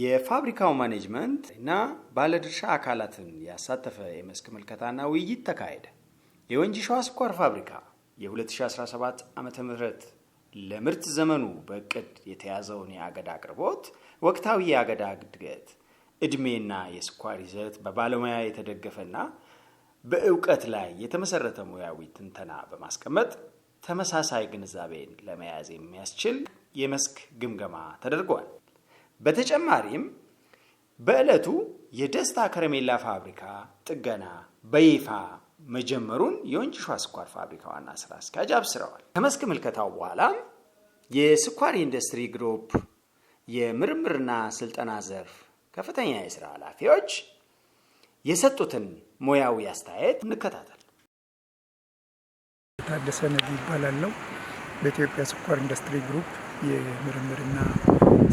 የፋብሪካው ማኔጅመንት እና ባለድርሻ አካላትን ያሳተፈ የመስክ ምልከታና ውይይት ተካሄደ። የወንጂ ሸዋ ስኳር ፋብሪካ የ2017 ዓ ም ለምርት ዘመኑ በእቅድ የተያዘውን የአገዳ አቅርቦት፣ ወቅታዊ የአገዳ እድገት፣ እድሜና የስኳር ይዘት በባለሙያ የተደገፈና በእውቀት ላይ የተመሰረተ ሙያዊ ትንተና በማስቀመጥ ተመሳሳይ ግንዛቤን ለመያዝ የሚያስችል የመስክ ግምገማ ተደርጓል። በተጨማሪም በዕለቱ የደስታ ከረሜላ ፋብሪካ ጥገና በይፋ መጀመሩን የወንጭሿ ስኳር ፋብሪካ ዋና ስራ አስኪያጅ አብስረዋል። ከመስክ ምልከታው በኋላ የስኳር ኢንዱስትሪ ግሩፕ የምርምርና ስልጠና ዘርፍ ከፍተኛ የስራ ኃላፊዎች የሰጡትን ሙያዊ አስተያየት እንከታተል። ታደሰ ነቢ ይባላለው። በኢትዮጵያ ስኳር ኢንዱስትሪ ግሩፕ የምርምርና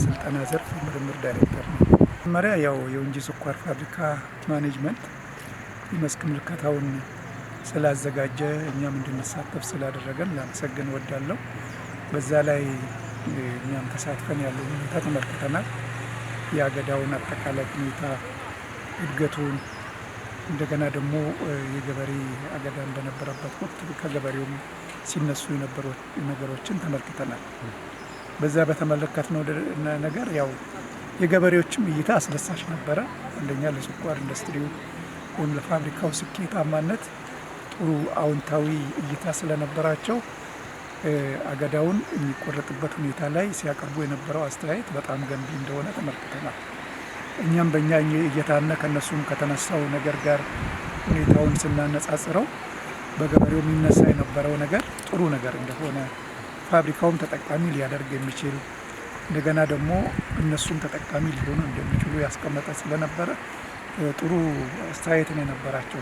ስልጠና ዘርፍ ምርምር ዳይሬክተር ነው። መጀመሪያ ያው የወንጂ ስኳር ፋብሪካ ማኔጅመንት የመስክ ምልከታውን ስላዘጋጀ እኛም እንድንሳተፍ ስላደረገን ላመሰግን ወዳለሁ። በዛ ላይ እኛም ተሳትፈን ያለው ሁኔታ ተመልክተናል። የአገዳውን አጠቃላይ ሁኔታ እድገቱን እንደገና ደግሞ የገበሬ አገዳን በነበረበት ወቅት ከገበሬውም ሲነሱ የነበሩ ነገሮችን ተመልክተናል። በዛ በተመለከትነው ነገር ያው የገበሬዎችም እይታ አስደሳች ነበረ። አንደኛ ለስኳር ኢንዱስትሪው ወይም ለፋብሪካው ስኬታማነት ጥሩ አዎንታዊ እይታ ስለነበራቸው አገዳውን የሚቆረጥበት ሁኔታ ላይ ሲያቀርቡ የነበረው አስተያየት በጣም ገንቢ እንደሆነ ተመልክተናል። እኛም በእኛ እየታነ ከነሱም ከተነሳው ነገር ጋር ሁኔታውን ስናነጻጽረው በገበሬው የሚነሳ የነበረው ነገር ጥሩ ነገር እንደሆነ ፋብሪካውን ተጠቃሚ ሊያደርግ የሚችል እንደገና ደግሞ እነሱም ተጠቃሚ ሊሆኑ እንደሚችሉ ያስቀመጠ ስለነበረ ጥሩ አስተያየት ነው የነበራቸው።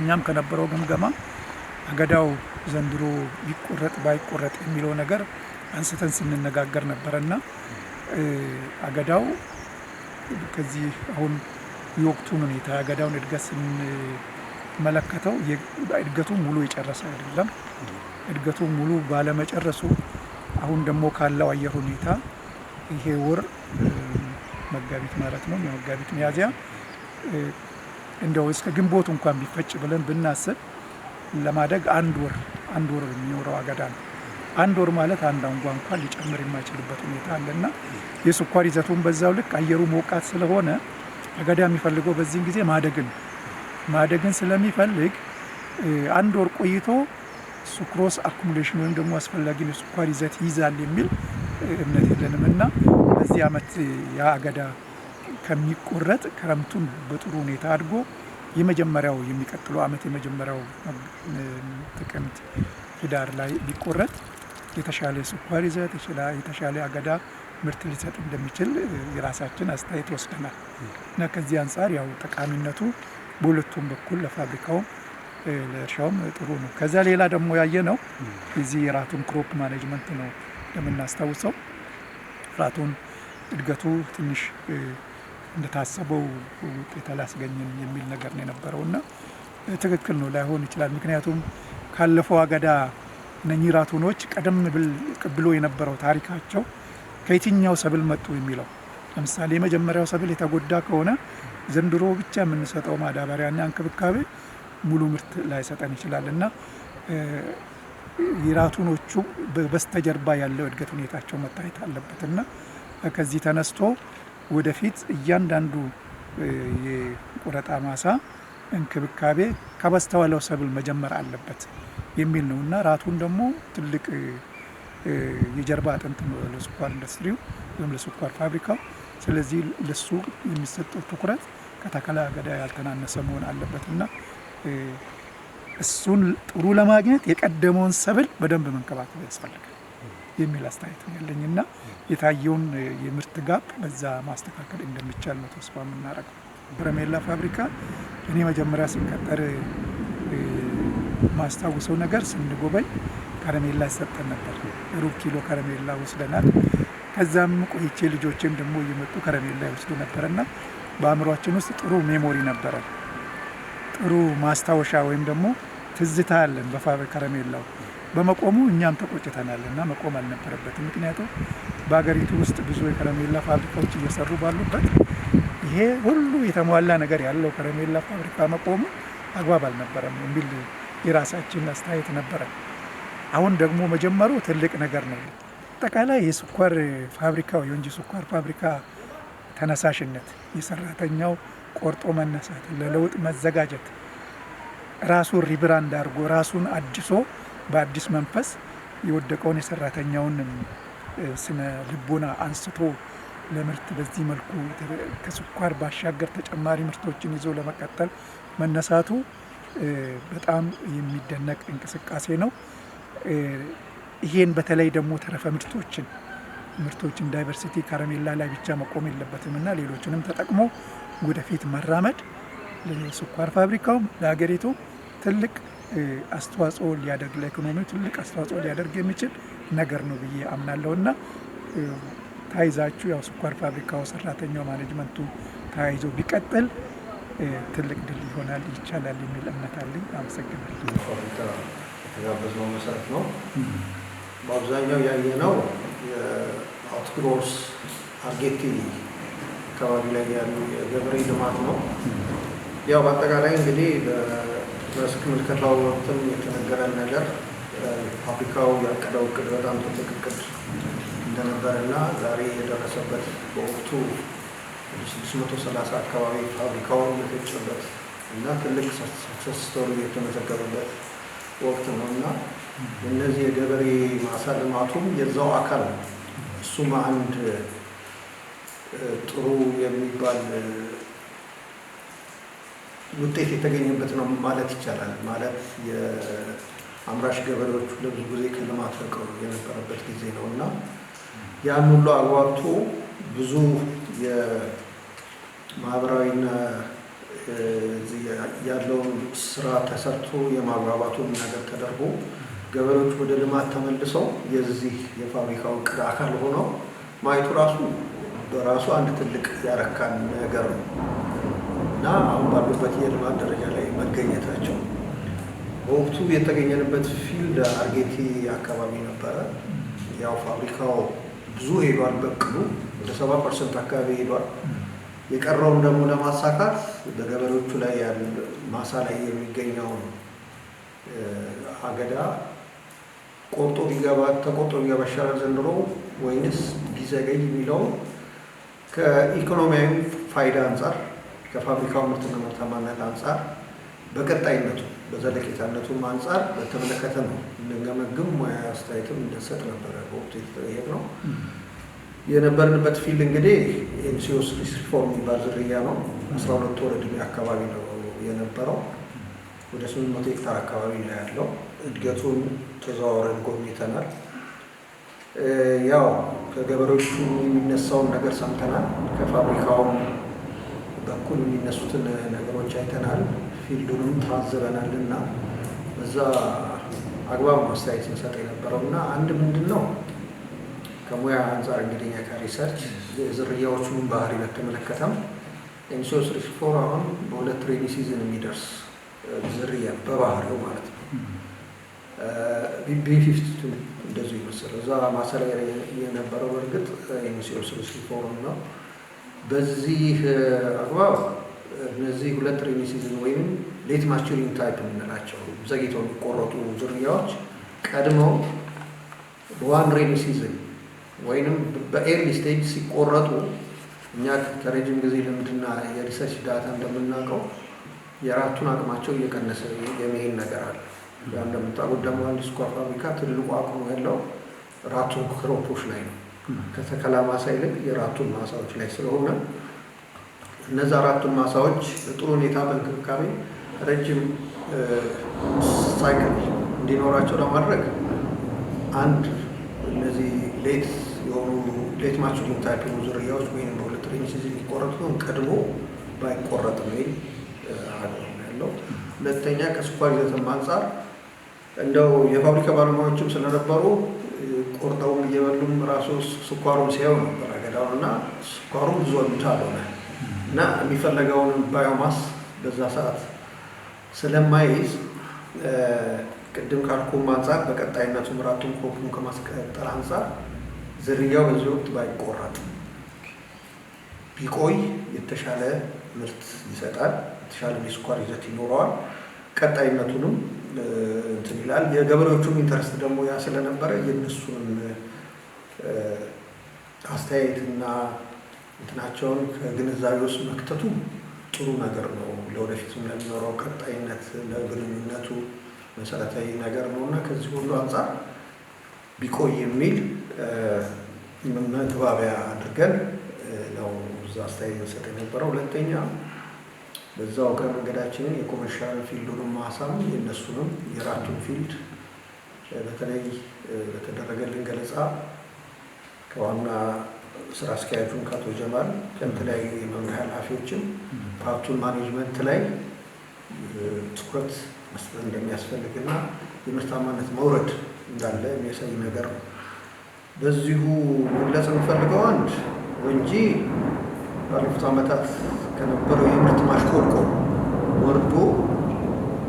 እኛም ከነበረው ግምገማ አገዳው ዘንድሮ ይቆረጥ ባይቆረጥ የሚለው ነገር አንስተን ስንነጋገር ነበረና አገዳው ከዚህ አሁን የወቅቱን ሁኔታ አገዳውን እድገት መለከተው እድገቱ ሙሉ የጨረሰ አይደለም። እድገቱ ሙሉ ባለመጨረሱ አሁን ደግሞ ካለው አየር ሁኔታ ይሄ ወር መጋቢት ማለት ነው የመጋቢት ሚያዝያ እንደው እስከ ግንቦት እንኳን ቢፈጭ ብለን ብናስብ ለማደግ አንድ ወር አንድ ወር የሚኖረው አገዳ ነው። አንድ ወር ማለት አንድ አንጓ እንኳን ሊጨምር የማይችልበት ሁኔታ አለና የስኳር ይዘቱን በዛው ልክ አየሩ ሞቃት ስለሆነ አገዳ የሚፈልገው በዚህን ጊዜ ማደግን ማደግን ስለሚፈልግ አንድ ወር ቆይቶ ሱክሮስ አኩሙሌሽን ወይም ደግሞ አስፈላጊ ስኳር ይዘት ይይዛል የሚል እምነት የለንም እና በዚህ ዓመት የአገዳ ከሚቆረጥ ክረምቱን በጥሩ ሁኔታ አድጎ የመጀመሪያው የሚቀጥለው ዓመት የመጀመሪያው ጥቅምት ህዳር ላይ ቢቆረጥ የተሻለ ስኳር ይዘት የተሻለ አገዳ ምርት ሊሰጥ እንደሚችል የራሳችን አስተያየት ወስደናል እና ከዚህ አንጻር ያው ጠቃሚነቱ በሁለቱም በኩል ለፋብሪካውም ለእርሻውም ጥሩ ነው። ከዚያ ሌላ ደግሞ ያየ ነው የዚህ ራቱን ክሮፕ ማኔጅመንት ነው እንደምናስታውሰው ራቱን እድገቱ ትንሽ እንደታሰበው ውጤት አላስገኝም የሚል ነገር ነው የነበረው እና ትክክል ነው ላይሆን ይችላል። ምክንያቱም ካለፈው አገዳ እነኚህ ራቱኖች ቀደም ብሎ የነበረው ታሪካቸው ከየትኛው ሰብል መጡ የሚለው ለምሳሌ የመጀመሪያው ሰብል የተጎዳ ከሆነ ዘንድሮ ብቻ የምንሰጠው ማዳበሪያና እንክብካቤ ሙሉ ምርት ላይሰጠን ይችላል እና ሂራቱኖቹ በስተጀርባ ያለው እድገት ሁኔታቸው መታየት አለበት ከዚህ ተነስቶ ወደፊት እያንዳንዱ የቆረጣ ማሳ እንክብካቤ ከበስተዋለው ሰብል መጀመር አለበት የሚል ነው እና ራቱን ደግሞ ትልቅ የጀርባ አጥንት ነው ለስኳር ኢንዱስትሪው ወይም ለስኳር ፋብሪካው። ስለዚህ ለሱ የሚሰጠው ትኩረት ከተከላ ገዳ ያልተናነሰ መሆን አለበት እና እሱን ጥሩ ለማግኘት የቀደመውን ሰብል በደንብ መንከባከብ ያስፈልጋል የሚል አስተያየት ያለኝ እና የታየውን የምርት ጋፕ በዛ ማስተካከል እንደሚቻል ነው ተስፋ የምናደርገው። በረሜላ ፋብሪካ እኔ መጀመሪያ ስንቀጠር ማስታውሰው ነገር ስንጎበኝ ከረሜላ ይሰጠን ነበር። ሩብ ኪሎ ከረሜላ ወስደናል። ከዛም ቆይቼ ልጆቼም ደግሞ እየመጡ ከረሜላ ይወስዱ ነበርና በአእምሯችን ውስጥ ጥሩ ሜሞሪ ነበረ ጥሩ ማስታወሻ ወይም ደግሞ ትዝታ አለን። በከረሜላው በመቆሙ እኛም ተቆጭተናል እና መቆም አልነበረበትም። ምክንያቱም በሀገሪቱ ውስጥ ብዙ የከረሜላ ፋብሪካዎች እየሰሩ ባሉበት ይሄ ሁሉ የተሟላ ነገር ያለው ከረሜላ ፋብሪካ መቆሙ አግባብ አልነበረም የሚል የራሳችን አስተያየት ነበረ። አሁን ደግሞ መጀመሩ ትልቅ ነገር ነው። አጠቃላይ የስኳር ፋብሪካው የወንጂ ስኳር ፋብሪካ ተነሳሽነት፣ የሰራተኛው ቆርጦ መነሳት፣ ለለውጥ መዘጋጀት፣ ራሱን ሪብራንድ አድርጎ ራሱን አድሶ በአዲስ መንፈስ የወደቀውን የሰራተኛውን ስነ ልቦና አንስቶ ለምርት በዚህ መልኩ ከስኳር ባሻገር ተጨማሪ ምርቶችን ይዞ ለመቀጠል መነሳቱ በጣም የሚደነቅ እንቅስቃሴ ነው። ይሄን በተለይ ደግሞ ተረፈ ምርቶችን ምርቶችን ዳይቨርሲቲ ከረሜላ ላይ ብቻ መቆም የለበትም እና ሌሎችንም ተጠቅሞ ወደፊት መራመድ ለስኳር ፋብሪካውም ለሀገሪቱ ትልቅ አስተዋጽኦ ሊያደርግ ለኢኮኖሚው ትልቅ አስተዋጽኦ ሊያደርግ የሚችል ነገር ነው ብዬ አምናለሁ እና ታይዛችሁ ያው ስኳር ፋብሪካው ሰራተኛው ማኔጅመንቱ ተያይዞ ቢቀጥል ትልቅ ድል ይሆናል፣ ይቻላል የሚል እምነት አለኝ። አመሰግናለሁ። የተጋበዝነው መሰረት ነው። በአብዛኛው ያየነው የአትክሮስ አርጌቲ አካባቢ ላይ ያሉ የገበሬ ልማት ነው። ያው በአጠቃላይ እንግዲህ በመስክ ምልከታው ወቅትም የተነገረን ነገር ፋብሪካው ያቀደው እቅድ በጣም ትልቅ እቅድ እንደነበረና ዛሬ የደረሰበት በወቅቱ 630 አካባቢ ፋብሪካውን የፈጨበት እና ትልቅ ሰክሰስ ስቶሪ የተመዘገበበት ወቅት ነው እና እነዚህ የገበሬ ማሳ ልማቱም የዛው አካል ነው። እሱም አንድ ጥሩ የሚባል ውጤት የተገኘበት ነው ማለት ይቻላል። ማለት የአምራች ገበሬዎቹ ለብዙ ጊዜ ከልማት ርቀው የነበረበት ጊዜ ነው እና ያን ሁሉ አግባብቶ ብዙ የማህበራዊና ያለውን ስራ ተሰርቶ የማግባባቱ ነገር ተደርጎ ገበሬዎች ወደ ልማት ተመልሰው የዚህ የፋብሪካው እቅድ አካል ሆነው ማየቱ ራሱ በራሱ አንድ ትልቅ ያረካን ነገር ነው እና አሁን ባሉበት የልማት ደረጃ ላይ መገኘታቸው በወቅቱ የተገኘንበት ፊልድ አርጌቲ አካባቢ ነበረ። ያው ፋብሪካው ብዙ ሄዷል፣ በቅሉ ወደ ሰባ ፐርሰንት አካባቢ ሄዷል። የቀረውን ደግሞ ለማሳካት በገበሬዎቹ ላይ ማሳ ላይ የሚገኘውን አገዳ ቆርጦ ቢገባ ተቆርጦ ቢገባ ይሻላል ዘንድሮ ወይንስ ቢዘገይ የሚለው ከኢኮኖሚያዊ ፋይዳ አንጻር ከፋብሪካው ምርትና ምርታማነት አንጻር በቀጣይነቱ በዘለቄታነቱም አንጻር በተመለከተ ነው እንደገመግም ሙያ አስተያየትም እንደሰጥ ነበረ። በወቅቱ የተጠየቅ ነው የነበርንበት ፊልድ እንግዲህ ኤምሲዮስ ሪፎርም የሚባል ዝርያ ነው። አስራ ሁለት ወር ዕድሜ አካባቢ ነው የነበረው። ወደ ስምንት መቶ ሄክታር አካባቢ ነው ያለው። እድገቱን ተዘዋውረን ጎብኝተናል። ያው ከገበሬዎቹ የሚነሳውን ነገር ሰምተናል። ከፋብሪካውም በኩል የሚነሱትን ነገሮች አይተናል። ፊልዱንም ታዘበናል እና በዛ አግባብ ማስተያየት ስንሰጥ የነበረው እና አንድ ምንድን ነው ከሙያ አንጻር እንግዲኛ ከሪሰርች ዝርያዎቹን ባህሪ በተመለከተም ኤሚሶስ ሪስፎር አሁን በሁለት ሬኒ ሲዝን የሚደርስ ዝርያ በባህሪው ማለት ነው ቢ52 እንደዚሁ ይመስል እዛ ማሰሪያ የነበረው እርግጥ የሙሴው ስብስብ ፎረም ነው። በዚህ አግባብ እነዚህ ሁለት ሬኒ ሲዝን ወይም ሌት ማቹሪንግ ታይፕ የምንላቸው ዘግይተው የሚቆረጡ ዝርያዎች ቀድመው በዋን ሬኒ ሲዝን ወይንም በኤርሊ ስቴጅ ሲቆረጡ እኛ ከረጅም ጊዜ ልምድና የሪሰርች ዳታ እንደምናውቀው የራቱን አቅማቸው እየቀነሰ የመሄድ ነገር አለ። እንደምታውቁት ደግሞ አንድ ስኳር ፋብሪካ ትልቁ አቅሙ ያለው ራቱን ክሮፖች ላይ ነው። ከተከላ ማሳ ይልቅ የራቱን ማሳዎች ላይ ስለሆነ እነዛ አራቱን ማሳዎች በጥሩ ሁኔታ በእንክብካቤ ረጅም ሳይክል እንዲኖራቸው ለማድረግ አንድ እነዚህ ሌት የሆኑ ሌት ማቹሪንግ ታይፕ የሆኑ ዝርያዎች ወይም በሁለት ሬንጅ የሚቆረጡ ቀድሞ ባይቆረጥ የሚል አገር ያለው። ሁለተኛ ከስኳር ይዘትም አንጻር እንደው የፋብሪካ ባለሙያዎችም ስለነበሩ ቆርጠውም እየበሉም ራሱ ስኳሩም ሲያዩ ነበር አገዳው እና ስኳሩም ብዙ ወንድ አልሆነ እና የሚፈለገውን ባዮማስ በዛ ሰዓት ስለማይዝ ቅድም ካልኩም አንጻር በቀጣይነቱ ምራቱን ኮፑን ከማስቀጠል አንጻር ዝርያው በዚህ ወቅት ባይቆረጥ ቢቆይ የተሻለ ምርት ይሰጣል። የተሻለ የስኳር ይዘት ይኖረዋል። ቀጣይነቱንም እንትን ይላል። የገበሬዎቹም ኢንተረስት ደግሞ ያ ስለነበረ የእነሱን አስተያየትና እንትናቸውን ከግንዛቤ ውስጥ መክተቱ ጥሩ ነገር ነው። ለወደፊት ለሚኖረው ቀጣይነት ለግንኙነቱ መሰረታዊ ነገር ነው እና ከዚህ ሁሉ አንጻር ቢቆይ የሚል መግባቢያ አድርገን ነው እዛ አስተያየት መሰጥ የነበረው። ሁለተኛ በዛው እግረ መንገዳችንን የኮመርሻል ፊልዱንም ማሳም የእነሱንም የራቱን ፊልድ በተለይ በተደረገልን ገለጻ ከዋና ስራ አስኪያጁን ከአቶ ጀማል ከተለያዩ የመምሪያ ኃላፊዎችም ፓርቱን ማኔጅመንት ላይ ትኩረት መስጠት እንደሚያስፈልግና የምርታማነት መውረድ እንዳለ የሚያሳይ ነገር ነው። በዚሁ መግለጽ የምፈልገው አንድ ወንጂ ባለፉት ዓመታት ከነበረው የምርት ማሽቆልቆል ወርዶ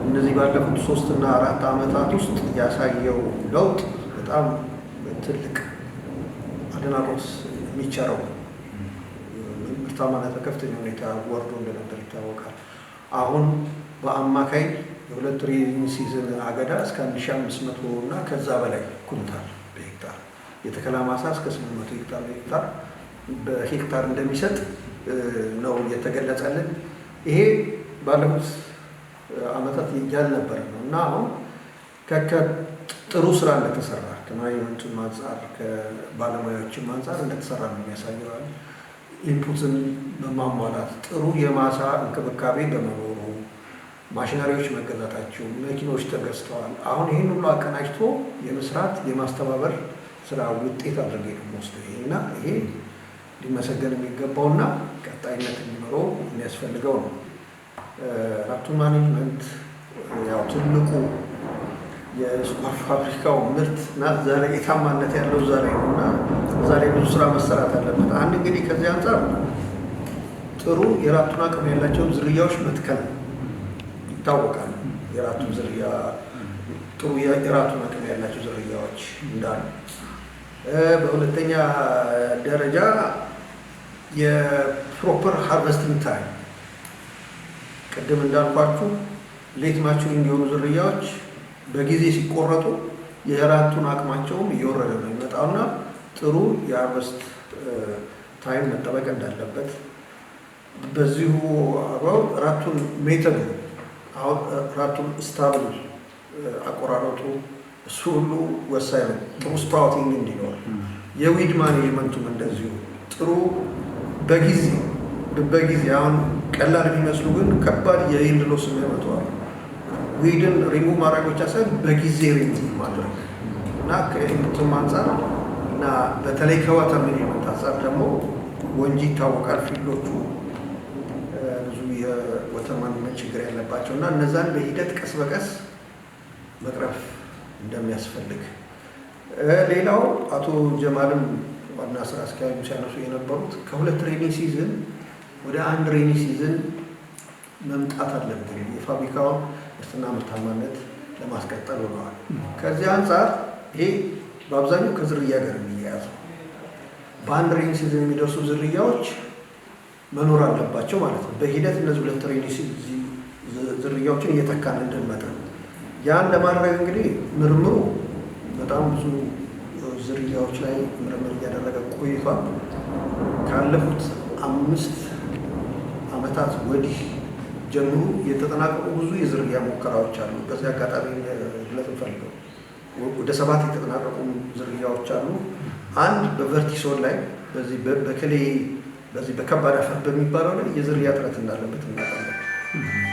እነዚህ ባለፉት ሶስት እና አራት ዓመታት ውስጥ ያሳየው ለውጥ በጣም ትልቅ አድናቆት የሚቸረው ምርታማነት በከፍተኛ ሁኔታ ወርዶ እንደነበር ይታወቃል። አሁን በአማካይ የሁለት ትሬኒንግ ሲዝን አገዳ እስከ 1500 እና ከዛ በላይ ኩንታል በሄክታር የተከላ ማሳ እስከ 800 ሄክታር በሄክታር በሄክታር እንደሚሰጥ ነው እየተገለጸልን። ይሄ ባለፉት ዓመታት ያልነበረ ነው እና አሁን ጥሩ ስራ እንደተሰራ ወንጭ አንጻር ከባለሙያዎችም አንጻር እንደተሰራ ነው የሚያሳየዋል። ኢንፑትን በማሟላት ጥሩ የማሳ እንክብካቤ በመኖሩ ማሽነሪዎች መገዛታቸው፣ መኪኖች ተገዝተዋል። አሁን ይህን ሁሉ አቀናጅቶ የመስራት የማስተባበር ስራ ውጤት አድርጌ ነው መወስደው ይሄ እና ይሄ ሊመሰገን የሚገባውና ቀጣይነት እንዲኖረው የሚያስፈልገው ነው። ራፕቱ ማኔጅመንት ያው ትልቁ የስኳር ፋብሪካው ምርትና የታማነት ያለው እዛ ላይ ነው እና እዛ ላይ ብዙ ስራ መሰራት አለበት። አንድ እንግዲህ ከዚህ አንጻር ጥሩ የራቱን አቅም ያላቸውን ዝርያዎች መትከል ይታወቃል። የራፕቱን ዝርያ ጥሩ የራቱን አቅም ያላቸው ዝርያዎች እንዳሉ በሁለተኛ ደረጃ የፕሮፐር ሃርቨስቲንግ ታይም ቅድም እንዳልኳችሁ ሌት ማቹሪንግ እንዲሆኑ ዝርያዎች በጊዜ ሲቆረጡ የራቱን አቅማቸውም እየወረደ ነው ይመጣውና ጥሩ የሃርቨስት ታይም መጠበቅ እንዳለበት በዚሁ አግባብ ራቱን ሜተዱ ራቱን ስታብል አቆራረጡ እሱ ሁሉ ወሳኝ ነው። ጥሩ ስፕራውቲንግ እንዲኖር የዊድ ማኔጅመንቱም እንደዚሁ ጥሩ በጊዜ በጊዜ አሁን ቀላል የሚመስሉ ግን ከባድ የይልድ ሎስ የሚያመጡዋል። ዊድን ሪሙ ማድረግ ብቻ ሳይሆን በጊዜ ሪሙቭ ማድረግ እና ከቱም አንጻር እና በተለይ ከዋተር ማኔጅመንት አንጻር ደግሞ ወንጂ ይታወቃል ፊልዶቹ ብዙ የዋተር ማኔጅመንት ችግር ያለባቸው እና እነዛን በሂደት ቀስ በቀስ መቅረፍ እንደሚያስፈልግ ሌላው አቶ ጀማልም ዋና ስራ አስኪያጁ ሲያነሱ የነበሩት ከሁለት ሬኒ ሲዝን ወደ አንድ ሬኒ ሲዝን መምጣት አለብን የፋብሪካውን ምርትና ምርታማነት ለማስቀጠል ሆነዋል። ከዚህ አንጻር ይሄ በአብዛኛው ከዝርያ ጋር የሚያያዙ በአንድ ሬኒ ሲዝን የሚደርሱ ዝርያዎች መኖር አለባቸው ማለት ነው። በሂደት እነዚህ ሁለት ሬኒ ዝርያዎችን እየተካን እንድንመጠ ያን ለማድረግ እንግዲህ ምርምሩ በጣም ብዙ ዝርያዎች ላይ ምርምር እያደረገ ቆይቷል። ካለፉት አምስት ዓመታት ወዲህ ጀምሮ የተጠናቀቁ ብዙ የዝርያ ሙከራዎች አሉ። በዚህ አጋጣሚ ለት ፈልገው ወደ ሰባት የተጠናቀቁ ዝርያዎች አሉ። አንድ በቨርቲሶን ላይ በዚህ በክሌ በዚህ በከባድ አፈር በሚባለው ላይ የዝርያ ጥረት እንዳለበት እናውቃለን።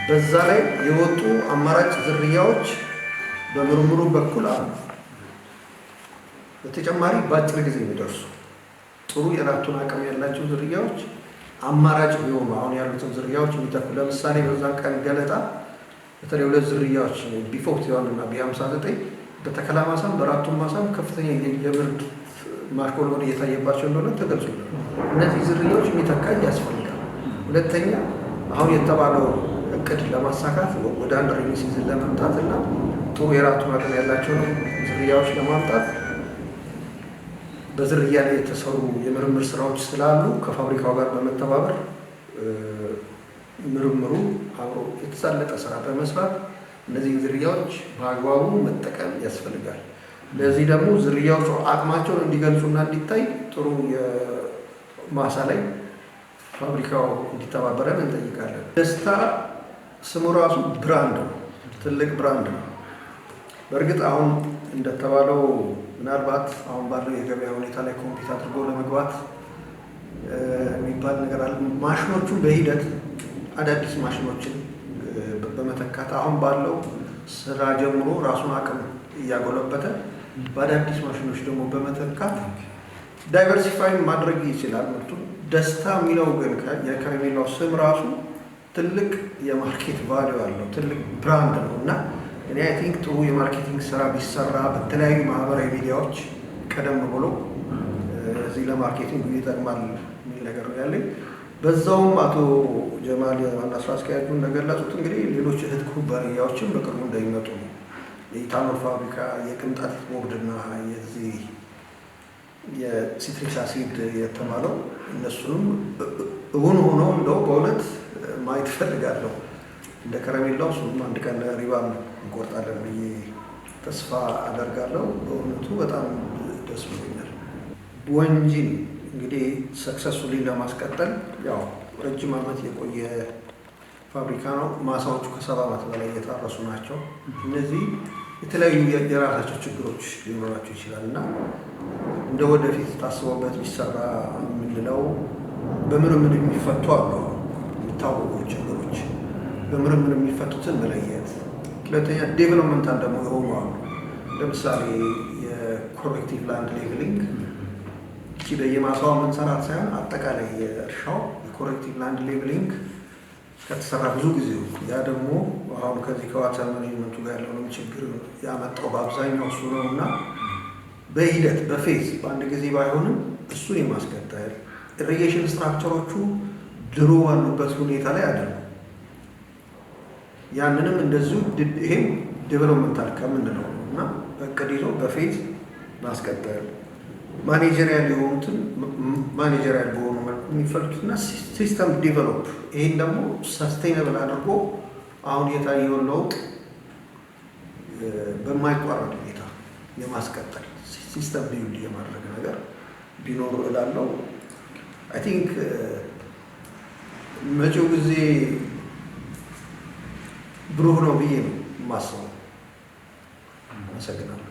በዛ ላይ የወጡ አማራጭ ዝርያዎች በምርምሩ በኩል አሉ። በተጨማሪ በአጭር ጊዜ የሚደርሱ ጥሩ የራቱን አቅም ያላቸው ዝርያዎች አማራጭ ቢሆኑ አሁን ያሉትን ዝርያዎች የሚተኩ ለምሳሌ በዛ ቀን ገለጣ በተለይ ሁለት ዝርያዎች ቢፎክሲዋንና ቢሀምሳ ዘጠኝ በተከላ ማሳም በራቱን ማሳም ከፍተኛ የብርድ ማሽቆልቆል እየታየባቸው እንደሆነ ተገልጹ። እነዚህ ዝርያዎች የሚተካ ያስፈልጋል። ሁለተኛ አሁን የተባለው እቅድ ለማሳካት ወደ አንድ ሬኒ ሲዝን ለመምጣት እና ጥሩ የራቱን አቅም ያላቸውን ዝርያዎች ለማምጣት በዝርያ ላይ የተሰሩ የምርምር ስራዎች ስላሉ ከፋብሪካው ጋር በመተባበር ምርምሩ አብሮ የተሳለጠ ስራ በመስራት እነዚህ ዝርያዎች በአግባቡ መጠቀም ያስፈልጋል። ለዚህ ደግሞ ዝርያዎቹ አቅማቸውን እንዲገልጹና እንዲታይ ጥሩ የማሳ ላይ ፋብሪካው እንዲተባበረን እንጠይቃለን። ደስታ ስሙ ራሱ ብራንድ ነው፣ ትልቅ ብራንድ ነው። በእርግጥ አሁን እንደተባለው ምናልባት አሁን ባለው የገበያ ሁኔታ ላይ ኮምፒት አድርጎ ለመግባት የሚባል ነገር አለ። ማሽኖቹን በሂደት አዳዲስ ማሽኖችን በመተካት አሁን ባለው ስራ ጀምሮ ራሱን አቅም እያጎለበተ በአዳዲስ ማሽኖች ደግሞ በመተካት ዳይቨርሲፋይ ማድረግ ይችላል ምርቱ። ደስታ የሚለው ግን የከረሜላው ስም ራሱ ትልቅ የማርኬት ቫሊዩ አለው። ትልቅ ብራንድ ነው እና እኔ አይ ቲንክ ጥሩ የማርኬቲንግ ስራ ቢሰራ በተለያዩ ማህበራዊ ሚዲያዎች ቀደም ብሎ እዚህ ለማርኬቲንግ ይጠቅማል የሚል ነገር ነው ያለኝ። በዛውም አቶ ጀማል ዋና ስራ አስኪያጁ እንደገለጹት እንግዲህ ሌሎች እህት ኩባንያዎችም በቅርቡ እንዳይመጡ ነው። የኢታኖር ፋብሪካ የቅንጣት ቦርድና የዚህ የሲትሪክስ አሲድ የተባለው እነሱንም እውን ሆነው እንደው በእውነት ማየት እፈልጋለሁ። እንደ ከረሜላው እሱም አንድ ቀን ሪባን ነው እንቆርጣለን ብዬ ተስፋ አደርጋለሁ። በእውነቱ በጣም ደስ ብሎኛል። ወንጂን እንግዲህ ሰክሰስፉሊ ለማስቀጠል ያው ረጅም ዓመት የቆየ ፋብሪካ ነው። ማሳዎቹ ከሰባ ዓመት በላይ እየታረሱ ናቸው። እነዚህ የተለያዩ የራሳቸው ችግሮች ሊኖራቸው ይችላል እና እንደ ወደፊት ታስቦበት ቢሰራ የምንለው በምርምር የሚፈቱ አሉ የሚታወቁ ችግሮች በምርምር የሚፈቱትን መለየት ሁለተኛ ዴቨሎፕመንታል ደግሞ የሆኑ አሉ። ለምሳሌ የኮሬክቲቭ ላንድ ሌቭሊንግ እቺ በየማስዋ መንሰራት ሳይሆን አጠቃላይ የእርሻው የኮሬክቲቭ ላንድ ሌቭሊንግ ከተሰራ ብዙ ጊዜ ያ ደግሞ አሁን ከዚህ ከዋተር ማኔጅመንቱ ጋር ያለውንም ችግር ያመጣው በአብዛኛው እሱ ነው እና በሂደት በፌዝ በአንድ ጊዜ ባይሆንም እሱን የማስቀጠል ኢሪጌሽን ስትራክቸሮቹ ድሮ ባሉበት ሁኔታ ላይ አደሉ ያንንም እንደዚሁ ይሄም ዴቨሎፕመንታል ከምንለው ነው እና እቅድ ይዞ በፌዝ ማስቀጠል ማኔጀሪያል የሆኑትን ማኔጀሪያል በሆኑ መልኩ የሚፈልጡት የሚፈልጡትና ሲስተም ዴቨሎፕ ይህን ደግሞ ሰስቴይነብል አድርጎ አሁን የታየውን ለውጥ በማይቋረጥ ሁኔታ የማስቀጠል ሲስተም ቢውልድ የማድረግ ነገር ቢኖሩ እላለው። አይ ቲንክ መጪው ጊዜ Bruno Bien, masón. No sé qué no